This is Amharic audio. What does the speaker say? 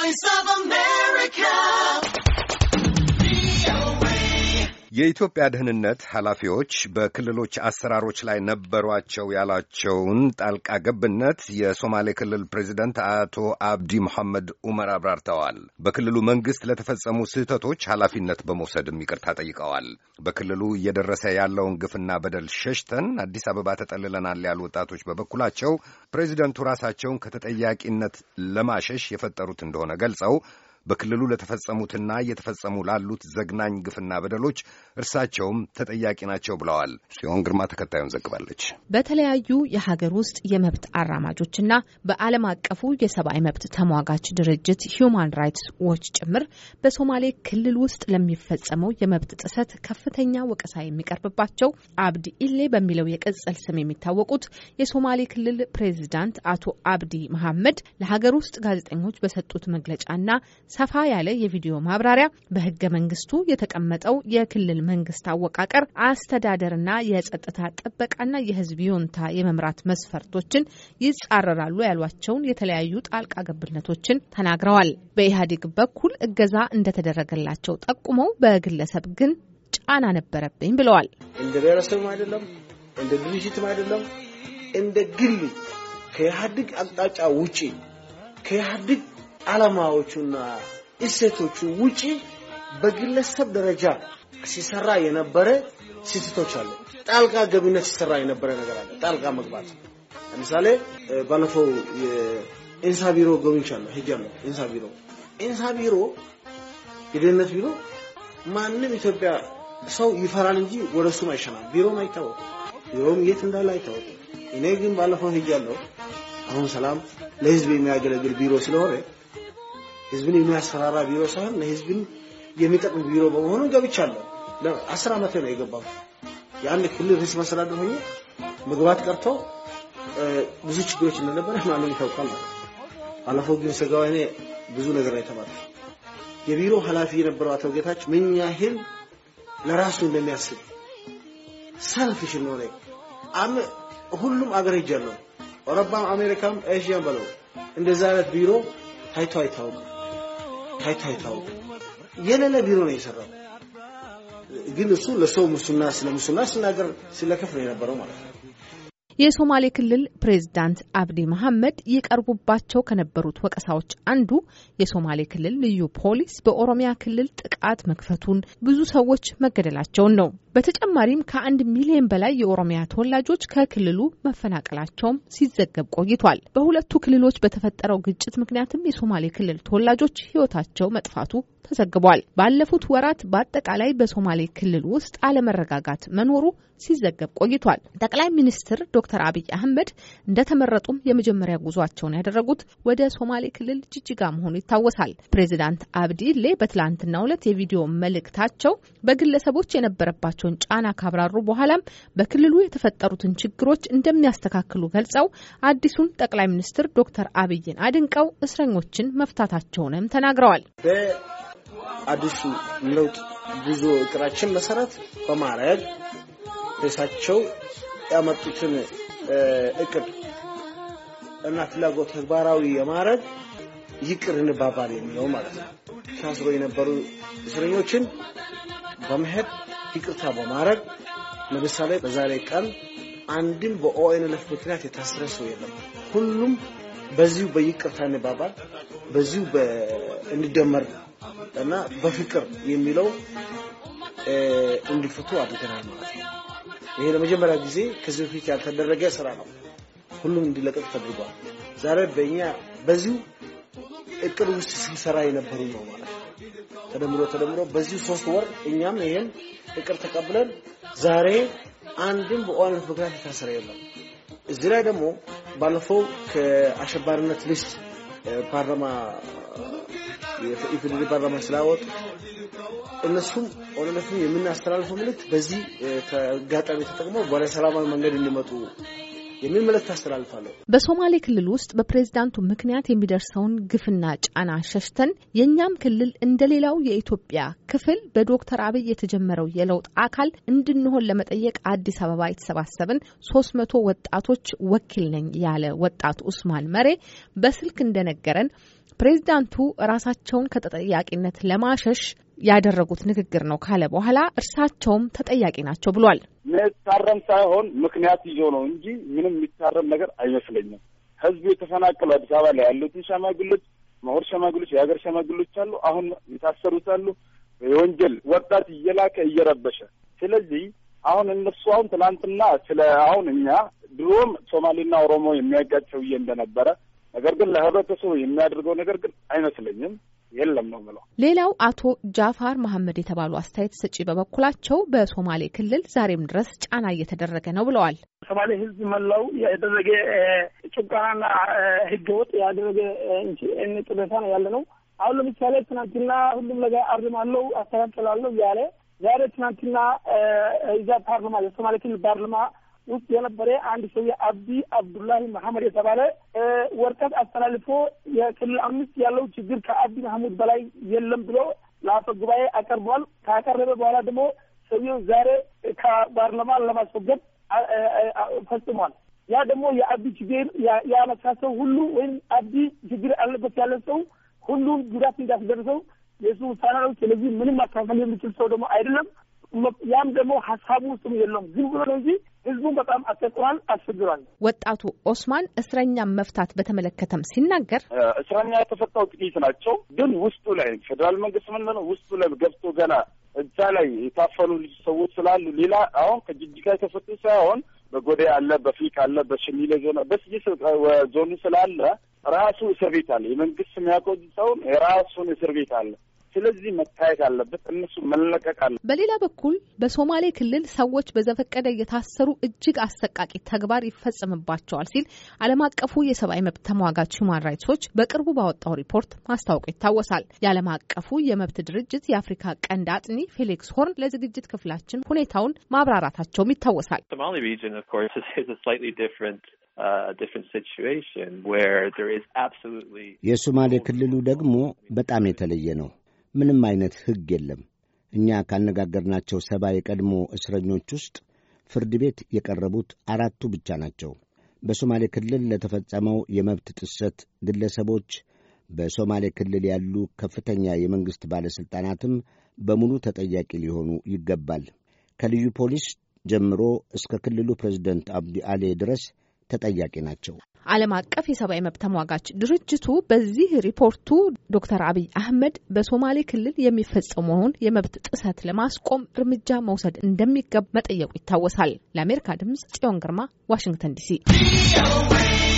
Voice of America. የኢትዮጵያ ደህንነት ኃላፊዎች በክልሎች አሰራሮች ላይ ነበሯቸው ያላቸውን ጣልቃ ገብነት የሶማሌ ክልል ፕሬዚደንት አቶ አብዲ መሐመድ ዑመር አብራርተዋል። በክልሉ መንግስት ለተፈጸሙ ስህተቶች ኃላፊነት በመውሰድም ይቅርታ ጠይቀዋል። በክልሉ እየደረሰ ያለውን ግፍና በደል ሸሽተን አዲስ አበባ ተጠልለናል ያሉ ወጣቶች በበኩላቸው ፕሬዚደንቱ ራሳቸውን ከተጠያቂነት ለማሸሽ የፈጠሩት እንደሆነ ገልጸው በክልሉ ለተፈጸሙትና እየተፈጸሙ ላሉት ዘግናኝ ግፍና በደሎች እርሳቸውም ተጠያቂ ናቸው ብለዋል። ጽዮን ግርማ ተከታዩን ዘግባለች። በተለያዩ የሀገር ውስጥ የመብት አራማጆችና በዓለም አቀፉ የሰብአዊ መብት ተሟጋች ድርጅት ሂዩማን ራይትስ ዎች ጭምር በሶማሌ ክልል ውስጥ ለሚፈጸመው የመብት ጥሰት ከፍተኛ ወቀሳ የሚቀርብባቸው አብዲ ኢሌ በሚለው የቅጽል ስም የሚታወቁት የሶማሌ ክልል ፕሬዚዳንት አቶ አብዲ መሐመድ ለሀገር ውስጥ ጋዜጠኞች በሰጡት መግለጫና ሰፋ ያለ የቪዲዮ ማብራሪያ በህገ መንግስቱ የተቀመጠው የክልል መንግስት አወቃቀር፣ አስተዳደርና የጸጥታ ጥበቃና የህዝብ ይሁንታ የመምራት መስፈርቶችን ይጻረራሉ ያሏቸውን የተለያዩ ጣልቃ ገብነቶችን ተናግረዋል። በኢህአዴግ በኩል እገዛ እንደተደረገላቸው ጠቁመው በግለሰብ ግን ጫና ነበረብኝ ብለዋል። እንደ ብሔረሰብም አይደለም እንደ ድርጅትም አይደለም እንደ ግል ከኢህአዴግ አቅጣጫ ውጪ ከኢህአዴግ ዓላማዎቹና እሴቶቹ ውጪ በግለሰብ ደረጃ ሲሰራ የነበረ ስህተቶች አሉ። ጣልቃ ገቢነት ሲሰራ የነበረ ነገር አለ። ጣልቃ መግባት ለምሳሌ ባለፈው የኢንሳ ቢሮ ጎብኝቻለሁ፣ ሄጃለሁ። ኢንሳ ቢሮ ኢንሳ ቢሮ የደህንነት ቢሮ ማንም ኢትዮጵያ ሰው ይፈራል እንጂ ወደ እሱም አይሸናል። ቢሮም አይታወቅም፣ ቢሮም የት እንዳለ አይታወቅም። እኔ ግን ባለፈው ሄጃለሁ። አሁን ሰላም ለህዝብ የሚያገለግል ቢሮ ስለሆነ ህዝብን የሚያስፈራራ ቢሮ ሳይሆን ለህዝብን የሚጠቅም ቢሮ በመሆኑ ገብቻለሁ። ለአስር ዓመቴ ነው የገባሁት። የአንድ ክልል ርዕሰ መስተዳድር ሆኜ መግባት ቀርቶ ብዙ ችግሮች እንደነበረ ማንም ይታውቃል። ማለት ባለፈው ግን ስጋ ወይኔ ብዙ ነገር ነው የተባለ የቢሮ ኃላፊ የነበረው አቶ ጌታች ምን ያህል ለራሱ እንደሚያስብ ሰልፍሽ እንደሆነ ሁሉም አገር ሄጃለሁ። አውሮፓም፣ አሜሪካም፣ ኤዥያም በለው እንደዚህ አይነት ቢሮ ታይቶ አይታወቅም። ታይታ አይታወቅ የሌለ ቢሮ ነው የሰራው። ግን እሱ ለሰው ሙስና ስለ ሙስና ስናገር ሲለከፍ የነበረው ማለት ነው። የሶማሌ ክልል ፕሬዝዳንት አብዲ መሐመድ ይቀርቡባቸው ከነበሩት ወቀሳዎች አንዱ የሶማሌ ክልል ልዩ ፖሊስ በኦሮሚያ ክልል ጥቃት መክፈቱን፣ ብዙ ሰዎች መገደላቸውን ነው። በተጨማሪም ከአንድ ሚሊዮን በላይ የኦሮሚያ ተወላጆች ከክልሉ መፈናቀላቸውም ሲዘገብ ቆይቷል። በሁለቱ ክልሎች በተፈጠረው ግጭት ምክንያትም የሶማሌ ክልል ተወላጆች ሕይወታቸው መጥፋቱ ተዘግቧል። ባለፉት ወራት በአጠቃላይ በሶማሌ ክልል ውስጥ አለመረጋጋት መኖሩ ሲዘገብ ቆይቷል። ጠቅላይ ሚኒስትር ዶክተር አብይ አህመድ እንደተመረጡም የመጀመሪያ ጉዟቸውን ያደረጉት ወደ ሶማሌ ክልል ጅጅጋ መሆኑ ይታወሳል። ፕሬዚዳንት አብዲሌ በትላንትናው ዕለት የቪዲዮ መልእክታቸው በግለሰቦች የነበረባቸው ያላቸውን ጫና ካብራሩ በኋላም በክልሉ የተፈጠሩትን ችግሮች እንደሚያስተካክሉ ገልጸው አዲሱን ጠቅላይ ሚኒስትር ዶክተር አብይን አድንቀው እስረኞችን መፍታታቸውንም ተናግረዋል። በአዲሱ ለውጥ ጉዞ እቅራችን መሰረት በማድረግ እሳቸው ያመጡትን እቅድ እና ፍላጎት ተግባራዊ የማድረግ ይቅር እንባባል የሚለው ማለት ነው። ታስሮ የነበሩ እስረኞችን በመሄድ ይቅርታ በማድረግ ለምሳሌ በዛሬ ቀን አንድም በኦኤንኤፍ ምክንያት የታሰረ ሰው የለም። ሁሉም በዚሁ በይቅርታ እንባባል፣ በዚሁ እንደመር እና በፍቅር የሚለው እንዲፈቱ አድርገናል ማለት ነው። ይሄ ለመጀመሪያ ጊዜ ከዚህ በፊት ያልተደረገ ስራ ነው። ሁሉም እንዲለቀቅ ተደርጓል። ዛሬ በእኛ በዚሁ እቅድ ውስጥ ሲሰራ የነበሩ ነው ማለት ነው። ተደምሮ ተደምሮ በዚህ ሶስት ወር እኛም ይሄን እቅር ተቀብለን ዛሬ አንድም በኦነት ምክንያት የታሰረ የለም። እዚህ ላይ ደግሞ ባለፈው ከአሸባሪነት ሊስት ፓርላማ የኢፌዴሪ ፓርላማ ስላወጡ እነሱም ኦነግን የምናስተላልፈው ምልክት በዚህ አጋጣሚ ተጠቅሞ ወደ ሰላማዊ መንገድ እንዲመጡ የሚል መልእክት አስተላልፋለሁ። በሶማሌ ክልል ውስጥ በፕሬዝዳንቱ ምክንያት የሚደርሰውን ግፍና ጫና ሸሽተን የእኛም ክልል እንደ ሌላው የኢትዮጵያ ክፍል በዶክተር አብይ የተጀመረው የለውጥ አካል እንድንሆን ለመጠየቅ አዲስ አበባ የተሰባሰብን ሶስት መቶ ወጣቶች ወኪል ነኝ ያለ ወጣት ኡስማን መሬ በስልክ እንደነገረን ፕሬዚዳንቱ ራሳቸውን ከተጠያቂነት ለማሸሽ ያደረጉት ንግግር ነው ካለ በኋላ እርሳቸውም ተጠያቂ ናቸው ብሏል። መታረም ሳይሆን ምክንያት ይዞ ነው እንጂ ምንም የሚታረም ነገር አይመስለኝም። ህዝቡ የተፈናቀሉ አዲስ አበባ ላይ ያሉትን ሸማግሎች፣ ምሁር ሸማግሎች፣ የሀገር ሸማግሎች አሉ። አሁን የታሰሩት አሉ። የወንጀል ወጣት እየላከ እየረበሸ ስለዚህ አሁን እነሱ አሁን ትናንትና ስለ አሁን እኛ ድሮም ሶማሌና ኦሮሞ የሚያጋጭ ሰውዬ እንደነበረ ነገር ግን ለህብረተሰቡ የሚያደርገው ነገር ግን አይመስለኝም። የለም ነው ብለው። ሌላው አቶ ጃፋር መሐመድ የተባሉ አስተያየት ሰጪ በበኩላቸው በሶማሌ ክልል ዛሬም ድረስ ጫና እየተደረገ ነው ብለዋል። ሶማሌ ህዝብ መላው ያደረገ ጭቆናና ህገወጥ ያደረገ ጥበታ ነው ያለ ነው። አሁን ለምሳሌ ትናንትና ሁሉም ነገር አርማለሁ አስተካክላለሁ ያለ ዛሬ ትናንትና እዛ ፓርላማ የሶማሌ ክልል ፓርላማ ውስጥ የነበረ አንድ ሰውዬ የአብዲ አብዱላሂ መሐመድ የተባለ ወረቀት አስተላልፎ የክልል አምስት ያለው ችግር ከአብዲ መሐሙድ በላይ የለም ብሎ ለአፈ ጉባኤ አቀርቧል። ካቀረበ በኋላ ደግሞ ሰውየው ዛሬ ከፓርላማ ለማስወገድ ፈጽሟል። ያ ደግሞ የአብዲ ችግር ሰው ሁሉ ወይም አብዲ ችግር አለበት ያለ ሰው ሁሉም ጉዳት እንዳስደርሰው የእሱ ውሳኔ ነው። ስለዚህ ምንም ማካፈል የሚችል ሰው ደግሞ አይደለም። ያም ደግሞ ሀሳቡ ውስጥም የለውም። ዝም ብሎ ነው እንጂ ህዝቡን በጣም አስቸግሯል አስቸግሯል። ወጣቱ ኦስማን እስረኛ መፍታት በተመለከተም ሲናገር እስረኛ የተፈታው ጥቂት ናቸው፣ ግን ውስጡ ላይ ፌዴራል መንግስት ምን ነው ውስጡ ላይ ገብቶ ገና እዛ ላይ የታፈኑ ልጅ ሰዎች ስላሉ ሌላ አሁን ከጅጅጋ የተፈቱ ሳይሆን በጎዴ አለ፣ በፊቅ አለ፣ በሽሚሌ ዞን በስጅስ ዞኑ ስላለ ራሱ እስር ቤት አለ። የመንግስት የሚያቆጅ ሰውን የራሱን እስር ቤት አለ። ስለዚህ መታየት አለበት። እነሱ መለቀቅ አለ። በሌላ በኩል በሶማሌ ክልል ሰዎች በዘፈቀደ የታሰሩ እጅግ አሰቃቂ ተግባር ይፈጸምባቸዋል ሲል ዓለም አቀፉ የሰብአዊ መብት ተሟጋች ሁማን ራይትሶች በቅርቡ ባወጣው ሪፖርት ማስታወቁ ይታወሳል። የዓለም አቀፉ የመብት ድርጅት የአፍሪካ ቀንድ አጥኒ ፌሊክስ ሆርን ለዝግጅት ክፍላችን ሁኔታውን ማብራራታቸውም ይታወሳል። uh, የሶማሌ ክልሉ ደግሞ በጣም የተለየ ነው። ምንም አይነት ሕግ የለም። እኛ ካነጋገርናቸው ሰባ የቀድሞ እስረኞች ውስጥ ፍርድ ቤት የቀረቡት አራቱ ብቻ ናቸው። በሶማሌ ክልል ለተፈጸመው የመብት ጥሰት ግለሰቦች፣ በሶማሌ ክልል ያሉ ከፍተኛ የመንግሥት ባለሥልጣናትም በሙሉ ተጠያቂ ሊሆኑ ይገባል። ከልዩ ፖሊስ ጀምሮ እስከ ክልሉ ፕሬዚደንት አብዲ አሌ ድረስ ተጠያቂ ናቸው። ዓለም አቀፍ የሰብአዊ መብት ተሟጋች ድርጅቱ በዚህ ሪፖርቱ ዶክተር አብይ አህመድ በሶማሌ ክልል የሚፈጸመውን የመብት ጥሰት ለማስቆም እርምጃ መውሰድ እንደሚገባ መጠየቁ ይታወሳል። ለአሜሪካ ድምጽ ጽዮን ግርማ ዋሽንግተን ዲሲ